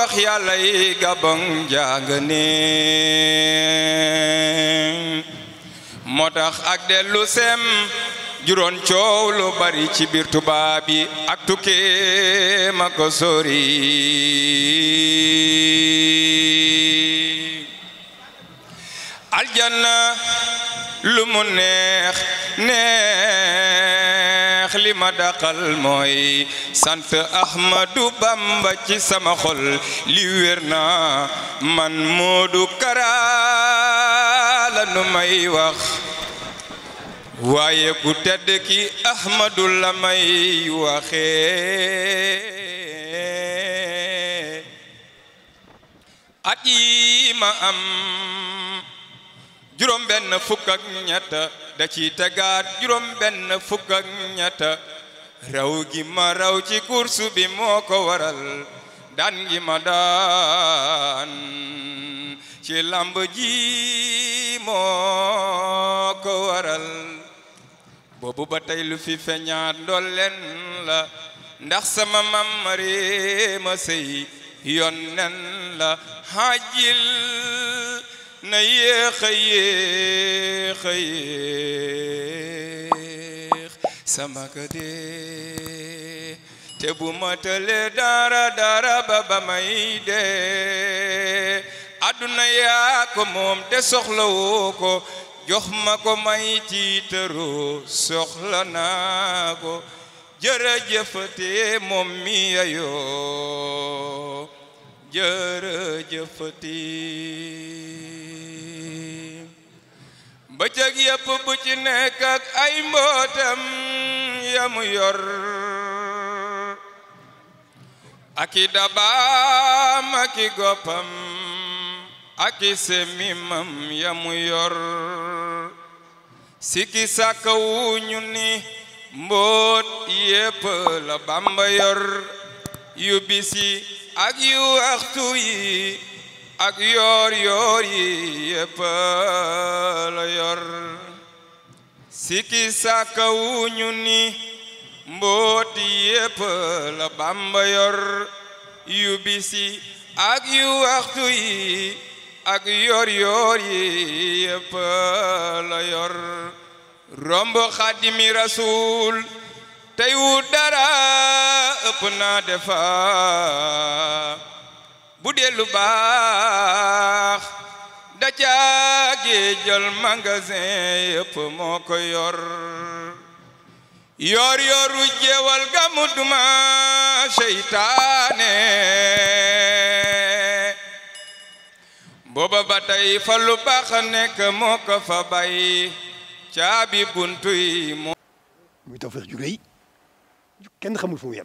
wax yàlla yi gabon jàng tax ak dellu sem coow lu bari ci biir tubaab yi ak tukkee ma aljanna lu mu neex neex li ma daqal mooy sant Ahmadu Bamba ci sama xol na man Moodu Kara la nu may wax waaye ku tedd ki Ahmadu la may waxee at am juróom benn fukk ak ñett da ci tegaat juróom benn fukk ak raw gi ma raw ci kursu bi moo ko waral daan gi ma daan ci lamb ji moo ko waral boobu ba tey lu fi feñaat ndool la ndax sama mam mari ma sey yoon la hajil na yéex a yéex sama ka dee te bu ma tëlee dara dara ba ba may dee àdduna yaa ko moom te soxlawoo ko jox ma ko may tiitaroo soxla naa ko jërëjëfatee moom mi ayoo jërëjëfatee bëccëg yépp bu ci nekk ay mbootam yamu yor aki dabaam aki goppam aki semimam yamu yor siki sàkka wuñu ni mboot yépp la bamba yor yu bisi ak yu waxtu yi ak yoor yoor yi yépp la siki sàkkawuñu ni mbooti yépp la bàmba yor yu bisi ak yu waxtu yi ak yor yor yi yépp la yor romb xaadimi rasuul tey wu dara ëpp naa defa bu dee baax da gi jël magasin yëpp moo ko yor yor yoru jéewal ga mu duma seytaane booba ba tey fa moo ko fa caabi buntu moo muy tawfeex ju rëy kenn xamul fu mu